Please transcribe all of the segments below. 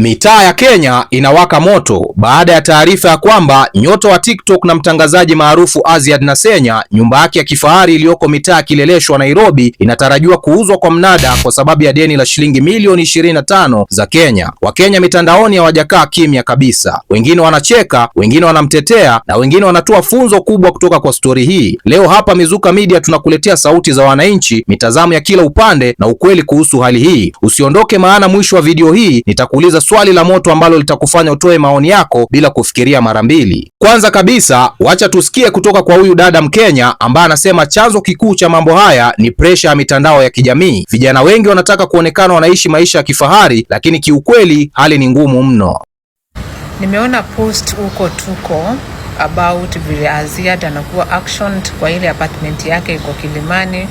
Mitaa ya Kenya inawaka moto baada ya taarifa ya kwamba nyota wa TikTok na mtangazaji maarufu Aziad Nasenya nyumba yake ya kifahari iliyoko mitaa ya Kileleshwa, Nairobi inatarajiwa kuuzwa kwa mnada kwa sababu ya deni la shilingi milioni 25 za Kenya. Wakenya mitandaoni hawajakaa kimya kabisa, wengine wanacheka, wengine wanamtetea na wengine wanatoa funzo kubwa kutoka kwa stori hii. Leo hapa Mizuka Media tunakuletea sauti za wananchi, mitazamo ya kila upande na ukweli kuhusu hali hii. Usiondoke, maana mwisho wa video hii nitakuuliza swali la moto ambalo litakufanya utoe maoni yako bila kufikiria mara mbili. Kwanza kabisa, wacha tusikie kutoka kwa huyu dada Mkenya ambaye anasema chanzo kikuu cha mambo haya ni presha ya mitandao ya kijamii. Vijana wengi wanataka kuonekana wanaishi maisha ya kifahari, lakini kiukweli hali ni ngumu mno. Nimeona post huko tuko about vile Aziad anakuwa actioned kwa ile apartment yake iko Kilimani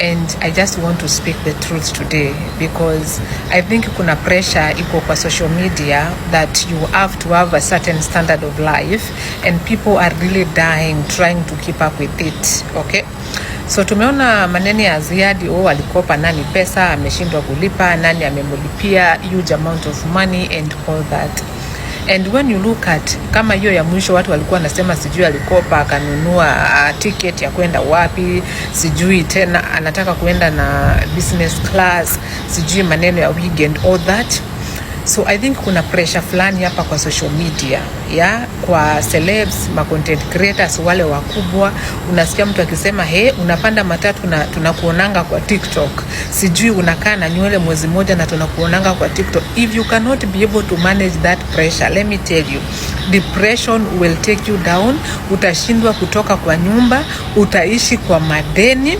and I just want to speak the truth today because I think kuna pressure iko kwa social media that you have to have a certain standard of life and people are really dying trying to keep up with it, okay? So tumeona maneno ya Ziadi, oh, alikopa nani pesa ameshindwa kulipa, nani amemlipia huge amount of money and all that. And when you look at kama hiyo ya mwisho, watu walikuwa nasema sijui alikopa akanunua ah, ticket ya kwenda wapi, sijui tena anataka kuenda na business class, sijui maneno ya weekend all that So I think kuna pressure fulani hapa kwa social media ya kwa celebs, ma content creators wale wakubwa. Unasikia mtu akisema he, unapanda matatu na tunakuonanga kwa TikTok, sijui unakaa na nywele mwezi mmoja na tunakuonanga kwa TikTok. If you cannot be able to manage that pressure, let me tell you, depression will take you down. Utashindwa kutoka kwa nyumba, utaishi kwa madeni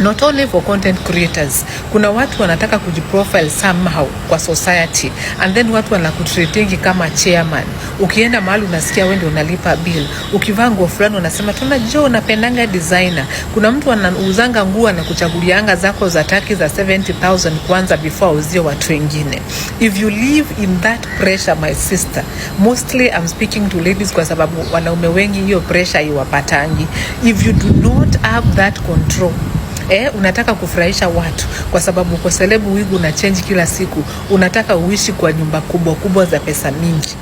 not only for content creators. Kuna watu wanataka kujiprofile somehow kwa society and then watu wanakutreatingi kama chairman. Ukienda mahali unasikia wewe ndio unalipa bill, ukivaa nguo fulani unasema tuna jo unapendanga designer. Kuna mtu anauzanga nguo anakuchagulianga zako za taki za 70000 kwanza before auzie watu wengine. If you live in that pressure my sister, mostly I'm speaking to ladies kwa sababu wanaume wengi hiyo pressure iwapatangi. If you do not have that control eh, unataka kufurahisha watu, kwa sababu uko selebu wigu na change kila siku, unataka uishi kwa nyumba kubwa kubwa za pesa mingi.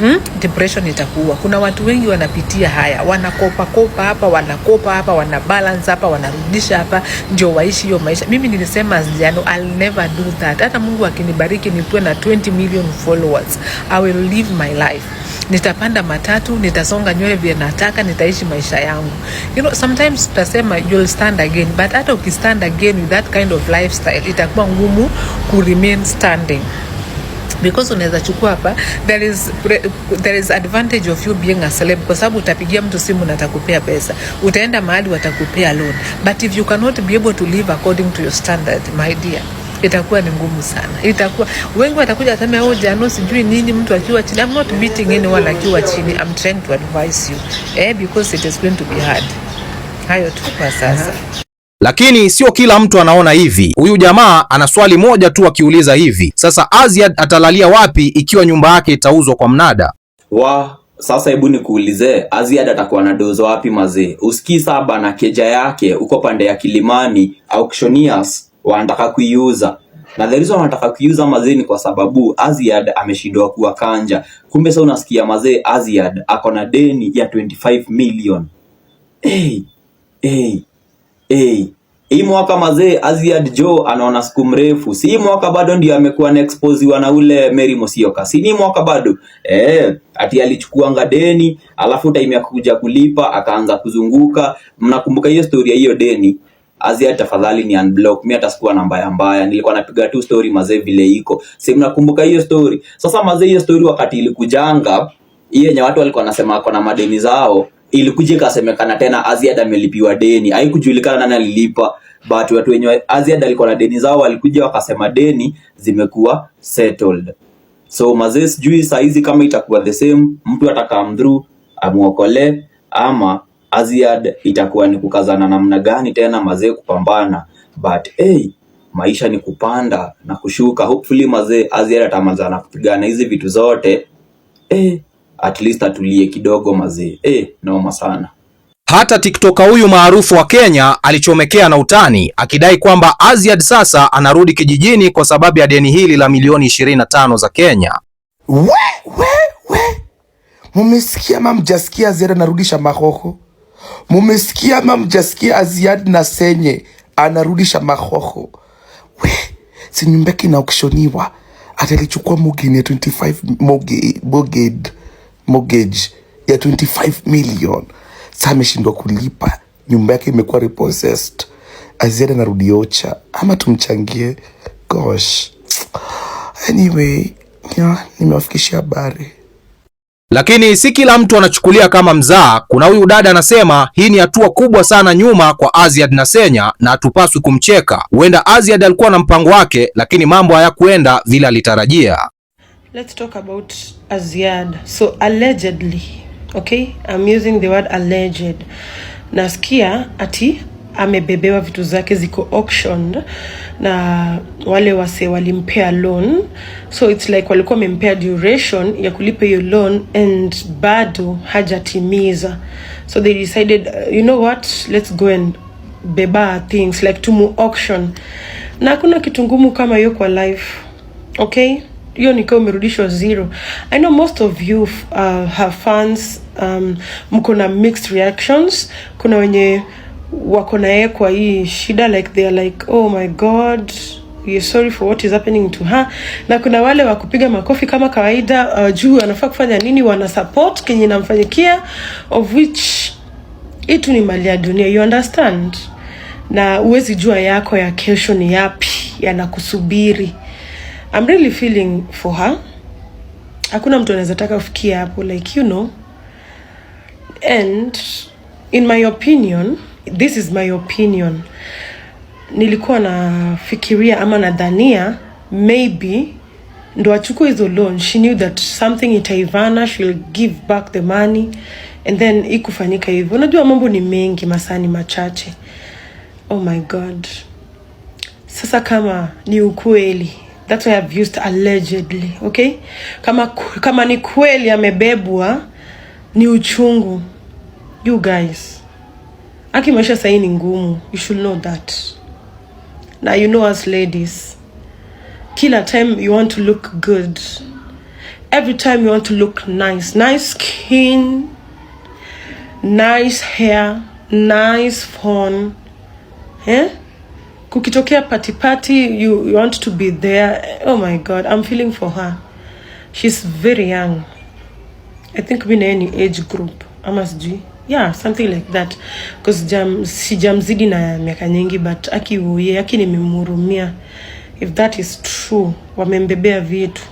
Hmm? Depression itakuwa. Kuna watu wengi wanapitia haya, wanakopa kopa hapa, wanakopa hapa, wana balance hapa, wanarudisha hapa, ndio waishi hiyo maisha. Mimi nilisema jana, I'll never do that. Hata Mungu akinibariki nipwe na 20 million followers, I will live my life nitapanda matatu, nitasonga nywele vile nataka, nitaishi maisha yangu. You know, sometimes tutasema you'll stand again, but hata ukistand again with that kind of lifestyle itakuwa ngumu ku remain standing because unaweza chukua hapa, there is there is advantage of you being a celeb, kwa sababu utapigia mtu simu na atakupea pesa, utaenda mahali watakupea loan, but if you cannot be able to live according to your standard, my dear itakuwa ni ngumu sana. Itakuwa wengi watakuja sema oh, jano sijui nini, mtu akiwa chini. I'm not beating anyone akiwa chini, I'm trying to advise you eh, because it is going to be hard. Hayo tu kwa sasa. Lakini sio kila mtu anaona hivi. Huyu jamaa ana swali moja tu akiuliza hivi, sasa Aziad atalalia wapi ikiwa nyumba yake itauzwa kwa mnada wa sasa hebu nikuulize, Aziad atakuwa na dozo wapi mazee? Usikii saba na keja yake uko pande ya Kilimani auctioneers wanataka kuiuza na the reason wanataka kuiuza mazee ni kwa sababu Aziad ameshindwa kanja Kumbe sasa unasikia mazee, Aziad ako na deni ya 25 million. Hey, hey, hey. Hii mwaka mazee Aziad Jo anaona siku mrefu, si mwaka bado ndio amekuwa na exposewa na ule Mary Mosioka, si ni mwaka bado eh, ati alichukuanga deni alafu time ya kuja kulipa akaanza kuzunguka. Mnakumbuka hiyo ya hiyo deni Azia, tafadhali ni unblock mimi, hata sikuwa na mbaya mbaya, nilikuwa napiga tu story mazee vile iko Si Mnakumbuka hiyo story? Sasa mazee, hiyo story wakati ilikujanga hiyo yenye watu walikuwa wanasema wako na madeni zao, ilikuja ikasemekana tena Azia amelipiwa deni, haikujulikana nani alilipa but watu wenye Azia alikuwa na deni zao walikuja wakasema deni zimekuwa settled. So mazee, sijui saa hizi kama itakuwa the same, mtu ataka mdhuru amuokole ama Aziad itakuwa ni kukazana namna gani tena mazee kupambana, but hey, maisha ni kupanda na kushuka. Hopefully mazee Aziad na kupigana hizi vitu zote hey, eh, at least atulie kidogo mazee hey, eh, noma sana. Hata tiktoka huyu maarufu wa Kenya alichomekea na utani akidai kwamba Aziad sasa anarudi kijijini kwa sababu ya deni hili la milioni 25 za Kenya. We, we, we. Mumesikia ama mjasikia Aziad anarudisha mahoho? mumesikia ama mjasikia, Aziad na Senye anarudisha mahoho. We sinyumbeki na ukishoniwa atalichukua mugini ya 25 mortgage, mortgage, mortgage ya 25 million. Sasa ameshindwa kulipa, nyumba yake imekuwa repossessed. Aziad anarudi ocha ama tumchangie? Gosh, anyway, nimewafikishia habari. Lakini si kila mtu anachukulia kama mzaa Kuna huyu dada anasema hii ni hatua kubwa sana nyuma kwa Aziad na Senya na hatupaswi kumcheka. Huenda Aziad alikuwa na mpango wake, lakini mambo hayakuenda vile alitarajia. Let's talk about Aziad. So allegedly, okay? I'm using the word alleged. Nasikia ati amebebewa vitu zake ziko auctioned na wale wase walimpea loan, so it's like walikuwa wamempea duration ya kulipa hiyo loan and bado hajatimiza, so they decided uh, you know what let's go and beba things like tumu auction, na hakuna kitu ngumu kama hiyo kwa life, okay hiyo nikiwa umerudishwa zero. I know most of you uh, have fans um, mko na mixed reactions. Kuna wenye wako na yeye kwa hii shida like they are like oh my god You're sorry for what is happening to her. Na kuna wale wa kupiga makofi kama kawaida, uh, juu anafaa kufanya nini, wana support kenye namfanyikia, of which itu ni mali ya dunia, you understand, na uwezi jua yako ya kesho ni yapi yanakusubiri. I'm really feeling for her. Hakuna mtu anaweza taka kufikia hapo, like you know, and in my opinion this is my opinion, nilikuwa nafikiria ama nadhania maybe ndo achukue hizo loan, she knew that something itaivana, she'll give back the money and then ikufanyika hivyo. Unajua mambo ni mengi, masani machache. Oh my god! Sasa kama ni ukweli That's why I've used allegedly, okay? Kama, kama ni kweli amebebwa ni uchungu. You guys Aki maisha sahii ni ngumu, you should know that na you know us ladies, kila time you want to look good, every time you want to look nice, nice skin, nice hair, nice phone eh? Kukitokea party you, you want to be there. Oh my God, I'm feeling for her. She's very young. I think mi naye ni age group ama sijui yeah something like that because jam, sijamzidi na miaka nyingi but aki uye aki nimemhurumia. If that is true, wamembebea vitu.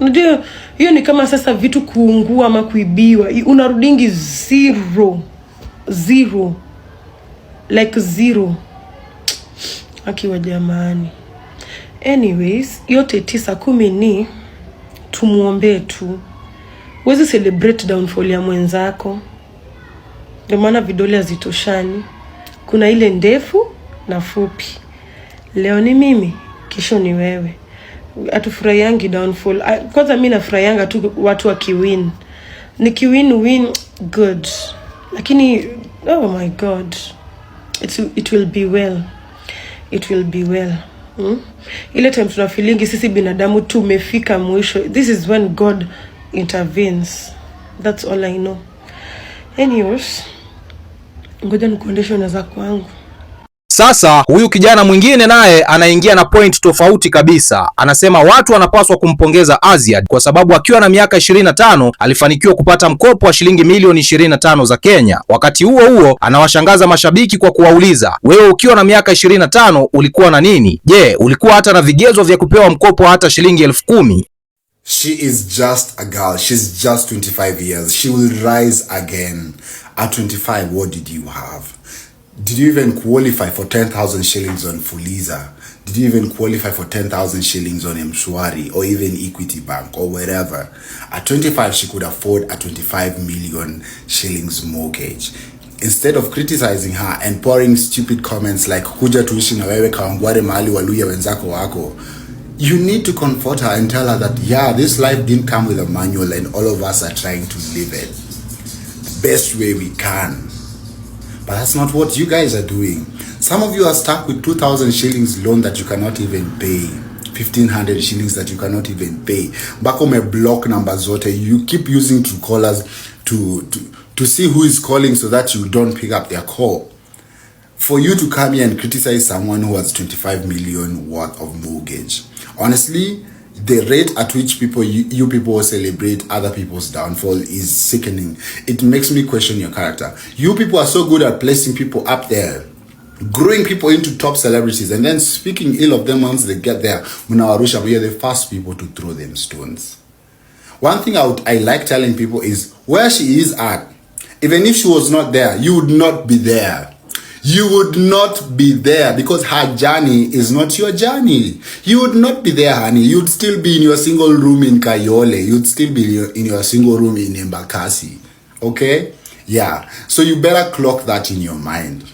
Unajua hiyo ni kama sasa vitu kuungua ama kuibiwa, unarudingi zero zero, like zero. Akiwa jamani, anyways, yote tisa kumi ni tumwombee tu. Huwezi celebrate downfall ya mwenzako. Ndio maana vidole hazitoshani, kuna ile ndefu na fupi. Leo ni mimi, kesho ni wewe. Hatufurahiangi downfall. Ah, kwanza mi nafurahianga tu watu wakiwin, nikiwin win good, lakini oh my god It's, it will be well, it will be well hmm? Ile time tuna feelingi sisi binadamu tumefika mwisho. This is when God intervenes. That's all I know. Anyways. Ngoja nikuendeshe na kwangu. Sasa huyu kijana mwingine naye anaingia na point tofauti kabisa. Anasema watu wanapaswa kumpongeza Aziad kwa sababu akiwa na miaka 25 alifanikiwa kupata mkopo wa shilingi milioni 25 za Kenya. Wakati huo huo anawashangaza mashabiki kwa kuwauliza, wewe ukiwa na miaka 25 ulikuwa na nini? Je, ulikuwa hata na vigezo vya kupewa mkopo hata shilingi elfu kumi? She is just a girl. She's just 25 years. She will rise again. At 25, what did you have? Did you even qualify for 10,000 shillings on Fuliza? Did you even qualify for 10,000 shillings on Mshwari or even Equity Bank or wherever? At 25, she could afford a 25 million shillings mortgage. Instead of criticizing her and pouring stupid comments like kuja tuishi na wewe kaongware mahali waluya wenzako wako, you need to comfort her and tell her that yeah, this life didn't come with a manual and all of us are trying to live it best way we can. But that's not what you guys are doing. Some of you are stuck with 2,000 shillings loan that you cannot even pay. 1500 shillings that you cannot even pay. Back on a block number zote. You keep using two callers to, to, to see who is calling so that you don't pick up their call. For you to come here and criticize someone who has 25 million worth of mortgage. Honestly, the rate at which people you, you people celebrate other people's downfall is sickening. It makes me question your character. You people are so good at placing people up there growing people into top celebrities and then speaking ill of them once they get there. Munawarusha, we are the first people to throw them stones. One thing I, would, I like telling people is where she is at, even if she was not there, you would not be there you would not be there because her journey is not your journey. You would not be there, honey. You'd still be in your single room in Kayole. You'd still be in your, in your single room in Embakasi. Okay? Yeah. So you better clock that in your mind.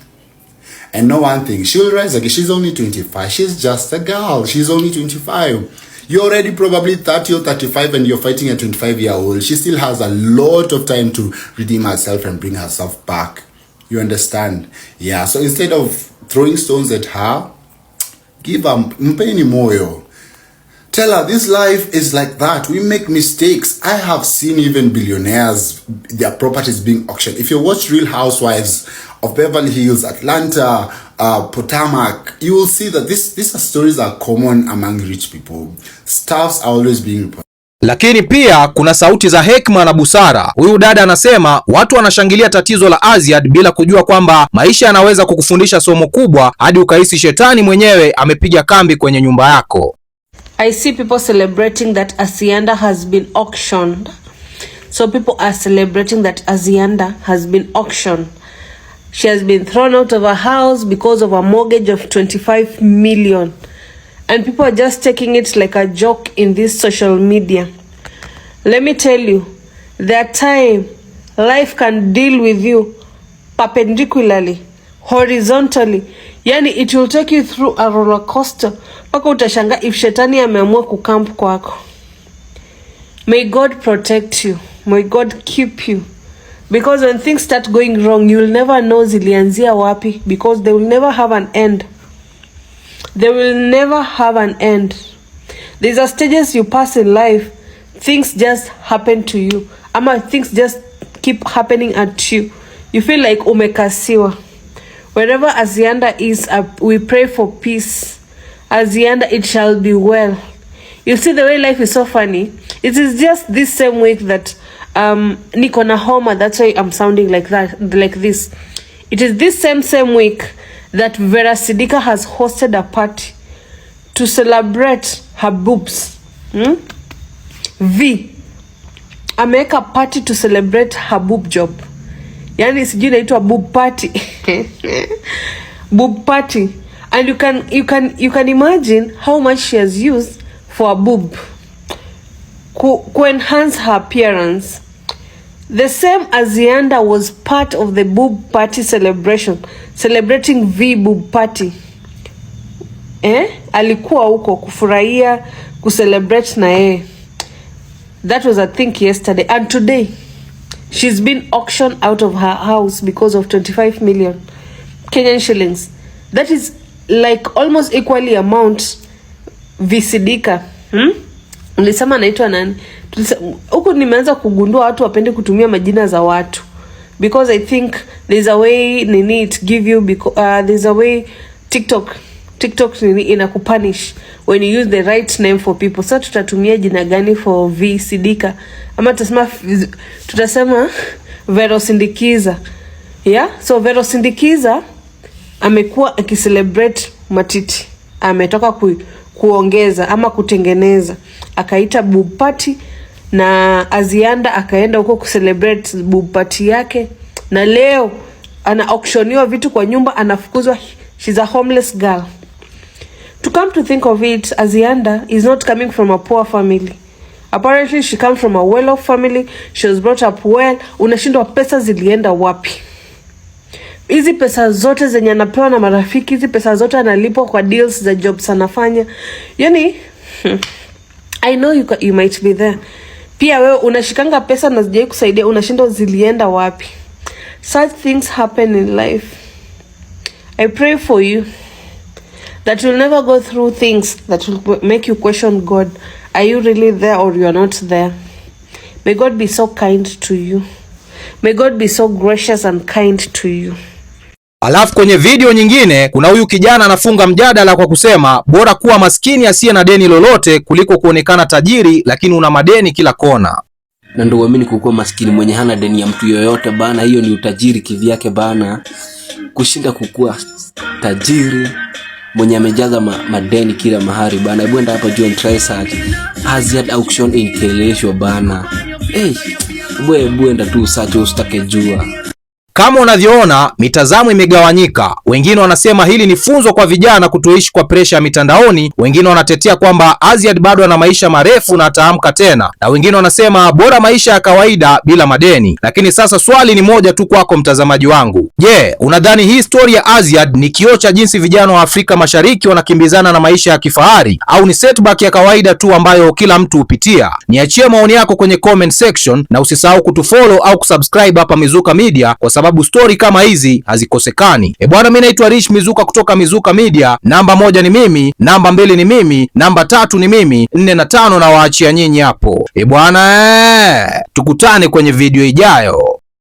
And no one thing, she'll rise again. She's only 25. She's just a girl. She's only 25 you're already probably 30 or 35 and you're fighting a 25 year old she still has a lot of time to redeem herself and bring herself back you understand? Yeah. So instead of throwing stones at her, give her mpeni moyo. Tell her this life is like that. We make mistakes. I have seen even billionaires, their properties being auctioned. If you watch Real Housewives of Beverly Hills, Atlanta, uh, Potomac, you will see that this, these stories are common among rich people. Stuffs are always being reported. Lakini pia kuna sauti za hekima na busara. Huyu dada anasema watu wanashangilia tatizo la Aziad bila kujua kwamba maisha yanaweza kukufundisha somo kubwa hadi ukahisi shetani mwenyewe amepiga kambi kwenye nyumba yako. I see people celebrating that Asianda has been auctioned. So people are celebrating that Asianda has been auctioned. She has been thrown out of her house because of a mortgage of 25 million and people are just taking it like a joke in this social media. Let me tell you, there are time life can deal with you perpendicularly, horizontally. Yani it will take you through a roller coaster mpaka utashanga if shetani ameamua kukamp kwako. May God protect you. May God keep you. Because when things start going wrong, you will never know zilianzia wapi because they will never have an end. They will never have an end. These are stages you pass in life. Things just happen to you. Ama things just keep happening at you. You feel like umekasiwa. Wherever Azianda is, uh, we pray for peace. Azianda, it shall be well. You see the way life is so funny. It is just this same week that um, niko na homa. That's why I'm sounding like that, like this. It is this same same week that Vera Sidika has hosted a party to celebrate her boobs. Hmm? V ameweka party to celebrate her boob job, yani sijui inaitwa boob party boob party and you can, you can, you can imagine how much she has used for a boob Ku, ku enhance her appearance The same Azianda was part of the Boob Party celebration, celebrating V Boob Party. Eh? Alikuwa huko kufurahia kucelebrate na yeye. That was a thing yesterday and today she's been auctioned out of her house because of 25 million Kenyan shillings. That is like almost equally amount Visidika. Hmm? Nilisema anaitwa nani? Huku nimeanza kugundua watu wapende kutumia majina za watu because I think there's a way nini it give you because, uh, there's a way TikTok TikTok nini inakupunish when you use the right name for people. So tutatumia jina gani for V Sidika? Ama tutasema tutasema Vero Sindikiza. Yeah? So Vero Sindikiza amekuwa akicelebrate matiti. Ametoka ku, kuongeza ama kutengeneza akaita party na Azianda akaenda huko kucelebrate party yake, na leo ana auctioniwa vitu kwa nyumba, anafukuzwa. She's a homeless girl. To come to think of it, Azianda is not coming from a poor family. Apparently she comes from a well-off family. She was brought up well. Unashindwa pesa zilienda wapi? Hizi pesa zote zenye anapewa na marafiki, hizi pesa zote analipwa kwa deals za jobs anafanya, yani hmm. I know you, you might be there. Pia wewe unashikanga pesa na zijai kusaidia, unashindwa zilienda wapi? Such things happen in life. I pray for you that you'll never go through things that will make you question God. Are you really there or you are not there? May God be so kind to you. May God be so gracious and kind to you. Alafu kwenye video nyingine kuna huyu kijana anafunga mjadala kwa kusema bora kuwa maskini asiye na deni lolote kuliko kuonekana tajiri lakini una madeni kila kona. Na ndio uamini kukuwa maskini mwenye hana deni ya mtu yoyote bana, hiyo ni utajiri kivyake bana, kushinda kukuwa tajiri mwenye amejaza ma madeni kila mahali bana. Hebu enda hapa John try hazard auction in Kileleshwa bana. Hey, bwe bwe, enda tu search usitake jua. Kama unavyoona mitazamo imegawanyika. Wengine wanasema hili ni funzo kwa vijana kutoishi kwa presha ya mitandaoni, wengine wanatetea kwamba Aziad bado ana maisha marefu na ataamka tena, na wengine wanasema bora maisha ya kawaida bila madeni. Lakini sasa swali ni moja tu kwako mtazamaji wangu, je, yeah, unadhani hii stori ya Aziad ni kioo cha jinsi vijana wa Afrika Mashariki wanakimbizana na maisha ya kifahari au ni setback ya kawaida tu ambayo kila mtu hupitia? Niachie maoni yako kwenye comment section na usisahau kutufollow au kusubscribe hapa Mizuka Media kwa sababu sababu stori kama hizi hazikosekani. E bwana, mimi naitwa Rich Mizuka kutoka Mizuka Media. Namba moja ni mimi, namba mbili ni mimi, namba tatu ni mimi, nne na tano na waachia nyinyi hapo. E bwana, eh, tukutane kwenye video ijayo.